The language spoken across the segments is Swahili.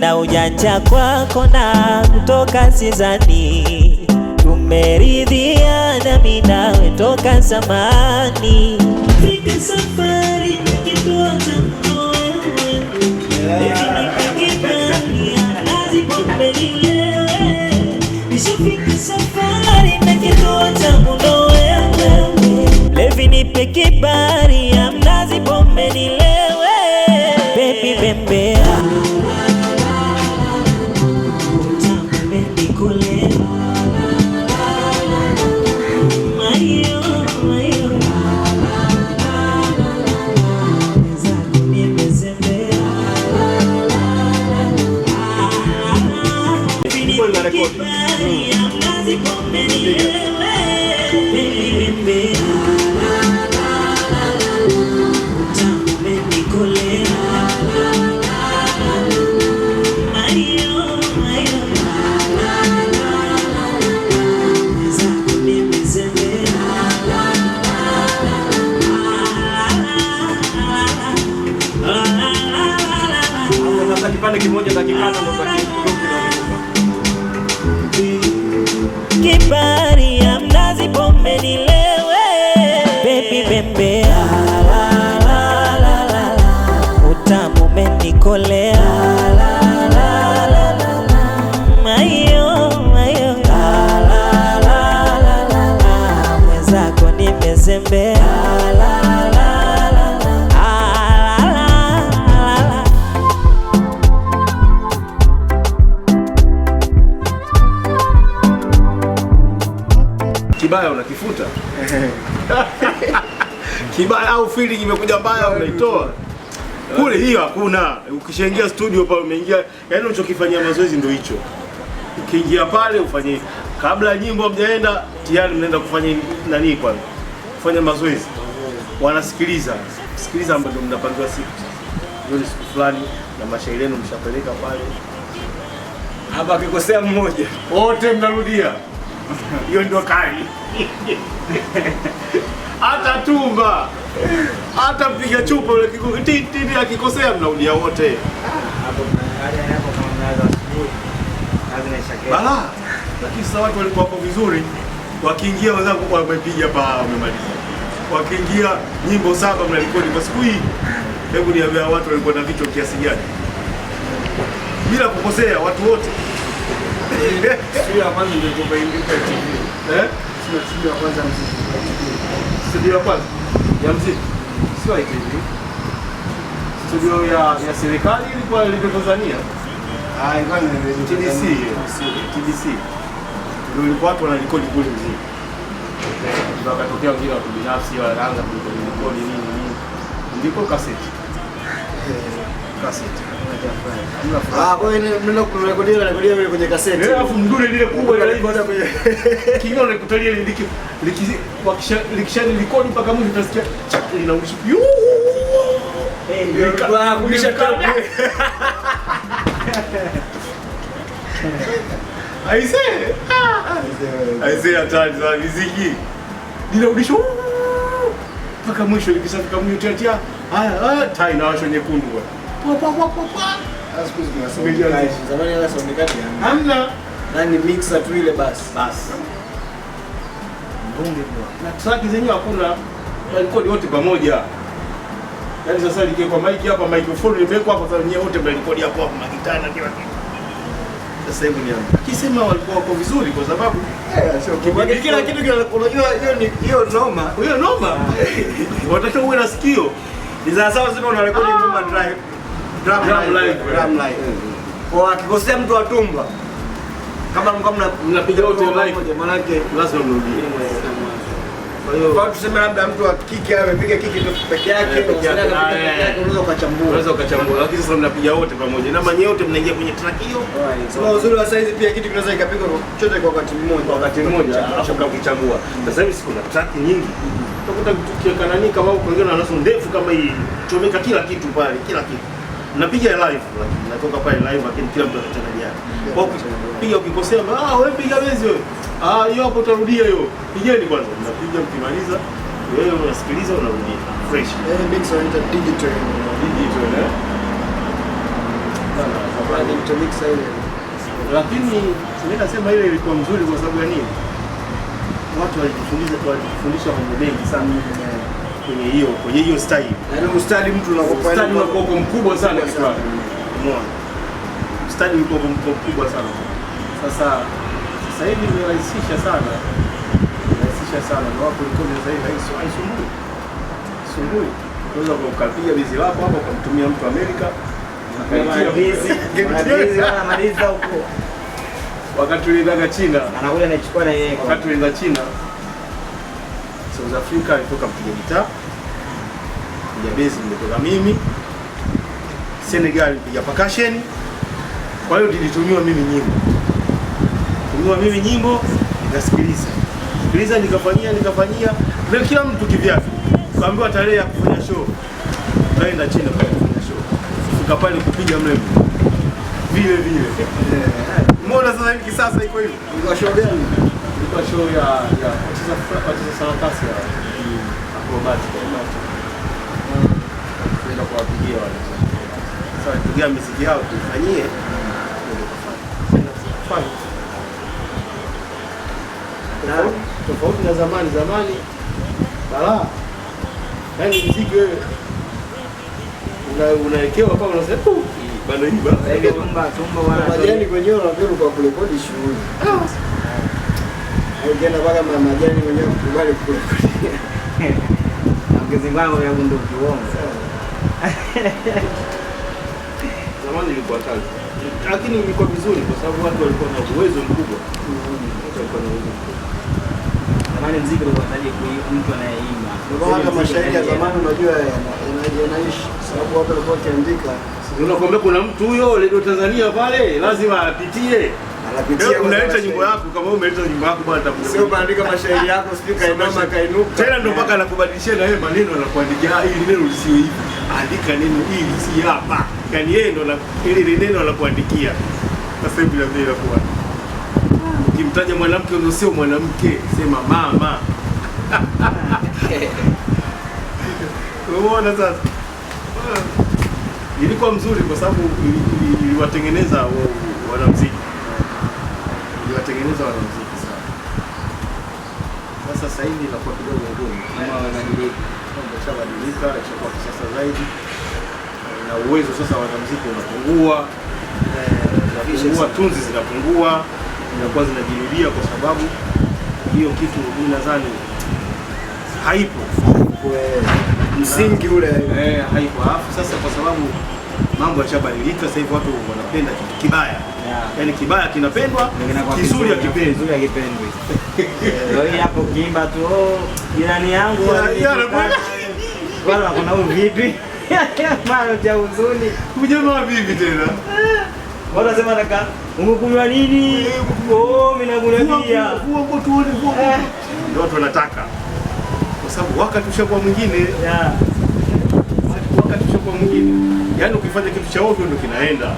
na ujanja kwako na kutoka sizani tumeridhiana, mimi nawe toka zamani fika safari me safari ya mnazi pombe nilewe, baby bembea, utamu umenikolea, mayo mayo, mwenzako nimezembea mbaya unakifuta kibaya, au feeling imekuja mbaya unaitoa kule. Hiyo hakuna. Ukishaingia studio pale umeingia, yaani unachokifanyia mazoezi ndio hicho. Ukiingia pale ufanye, kabla nyimbo mjaenda tayari mnaenda kufanya nani kwanza, kufanya mazoezi, wanasikiliza sikiliza, ambapo mnapangiwa siku ndio siku fulani na mashairi yenu mshapeleka pale, hapa kikosea mmoja wote mnarudia hiyo ndio kali hata tumba hata mpiga chupa ule tititi akikosea mnaudia wote bala. Lakini sasa watu walikuwa hapo vizuri, wakiingia wenzangu wamepiga paa, wamemaliza. Wakiingia nyimbo saba mnarekodi kwa siku hii. Hebu niambia watu walikuwa na vichwa kiasi gani bila kukosea, watu wote studio ya kwanza ndio ya mziki. Eh? Sio ITV. Studio ya ya serikali ilikuwa ilivyo Tanzania. Ah, TBC. TBC. Ndio ilikuwa watu wanarekodi kule mziki. wakatokea wengine watu binafsi wanaanza kurekodi nini nini. Ndipo kaseti kwenye kaseti. Alafu mpaka mwisho utasikia Haya, tai na nyekundu Hamna. Nani mixer tu ile basi. Basi. Na track zenyewe hakuna rekodi wote pamoja. Yaani sasa nikiweka mic hapa microphone imewekwa hapa sasa wote mnarekodi hapo hapo magitana kila kitu. Sasa hivi ni Kisema walikuwa wako vizuri kwa sababu eh kila kitu kile unajua hiyo ni hiyo noma. Hiyo noma. Wataka na sikio. Ni sawa sawa sema unarekodi ah. ngoma drive kwa akikosea mtu wa tumba kama mnapiga wote live, maana lazima mrudie. Kwa hiyo tuseme labda mtu akike amepiga kiki eh, eh. peke yake, unaweza ukachambua, unaweza ukachambua, lakini sasa mnapiga wote pamoja na manye wote mnaingia kwenye track hiyo. Sema uzuri wa size pia kitu kinaweza ikapigwa chote kwa wakati mmoja, wakati mmoja, alafu mkakuchambua. Sasa hivi siku track nyingi utakuta kitu kikanani kama uko na ndefu kama hii, chomeka kila kitu pale, kila kitu napiga live lakini natoka pale live, lakini kila mtu ana jana. yake. Kwa kupiga ukikosea, ah, wewe piga wezi wewe, ah, hiyo hapo utarudia hiyo, pigeni kwanza, mnapiga mkimaliza, wewe unasikiliza, unarudia fresh. Eh, mix on the digital, digital eh, kama digital mix ile. Lakini mimi nasema ile ilikuwa nzuri kwa sababu ya nini? Watu walijifundisha, walijifundisha mambo mengi sana kwenye hiyo kwenye hiyo style. Yaani mstari mtu unakopa ile unakopa mkubwa sana kichwani. Umeona? Mstari uko mkubwa sana. Sasa sasa hivi imerahisisha sana. Imerahisisha sana. Ndio hapo iko ni zaidi rahisi haisumbui. Sumbui. Unaweza kukapiga bizi lako hapo ukamtumia mtu Amerika. Akaitia bizi. Bizi wala maliza huko. Wakati ulienda China. Anakuja anachukua na yeye. Wakati ulienda China. South Africa alitoka mpiga gitaa, mpiga bezi nimetoka mimi, Senegal mpiga percussion. Kwa hiyo nilitumiwa mimi nyimbo, tumiwa mimi nyimbo, nikasikiliza sikiliza, nikafanyia nikafanyia, kila mtu kivyake. Kaambiwa tarehe ya kufanya show, tukaenda China kwa kufanya show, Tuka pale kupiga mlembo. vile vile. Eh, eh. Mbona sasa hivi kisasa iko hivi? Kwa show gani? ilikuwa show ya ya wacheza wacheza sarakasi ya acrobatics kwenda kuwapigia wale. Sasa tugia muziki yao tuifanyie na tofauti na zamani. Zamani balaa, yani muziki wewe unawekewa pale, unasema bado hii bado tumba tumba, wanajani kwenyewe wanapewa kwa kurekodi shughuli ah, ukienda mpaka majani wenyewe kukubali kule mkezimbango ya ndio kiwongo zamani ilikuwa kazi, lakini ilikuwa vizuri kwa sababu watu walikuwa na uwezo mkubwa. Zamani mziki ulikuwa unaje kwa hiyo mtu anayeimba, ndio hata mashairi ya zamani unajua yanaishi, sababu watu walikuwa wakiandika. Unakwambia kuna mtu huyo Radio Tanzania pale lazima apitie unaleta nyimbo yako kama wewe umeleta nyimbo yako bwana, sio kuandika mashairi yako, sio kainoma kainuka tena, ndio mpaka anakubadilishia na yeye maneno, anakuandikia ah, hili neno lisio hivi, andika neno hili si hapa, yani yeye ndo ile neno anakuandikia. Sasa hivi ndio inakuwa ukimtaja mwanamke ndio sio mwanamke, sema mama. Unaona sasa ah. ilikuwa mzuri kwa sababu iliwatengeneza wanamuziki tunatengeneza mziki sana. Sasa sasa hivi inakuwa kidogo ngumu, kama wananiombo chabadilika chakuwa kisasa zaidi, na uwezo sasa mziki unapungua, eh, unapungua, tunzi zinapungua, inakuwa zinajirudia, kwa sababu hiyo kitu mimi nadhani haipo eh, msingi ule, eh, haipo alafu sasa kwa sababu mambo yashabadilika sasa hivi, watu wanapenda kitu kibaya yeah. Yani kibaya kinapendwa, kizuri hakipendwi. Hapo kiimba tu, oh, jirani yangu wala kuna huyu vipi, mara cha huzuni ujamaa vipi tena wanasema nataka umekunywa nini? Oh, mimi nakunalia ndio watu wanataka, kwa sababu wakati ushakuwa mwingine, wakati ushakuwa mwingine Yaani ukifanya kitu cha ovyo ndio kinaenda,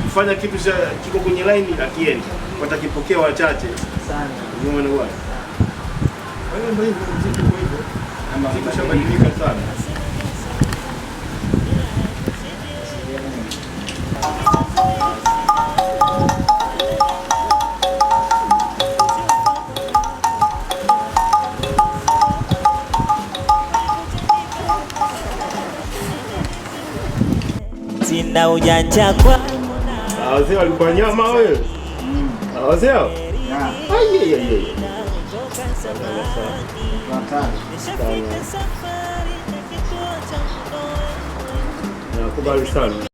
ukifanya kitu cha kiko kwenye laini akienda watakipokea wachache sana. Unaona bwana, kwa hiyo ndio hivyo, kwa hivyo, na mabadiliko sana. sina ujanja kwa wazee walikuwa nyama wewe. Wazee hao? Nakubali sana.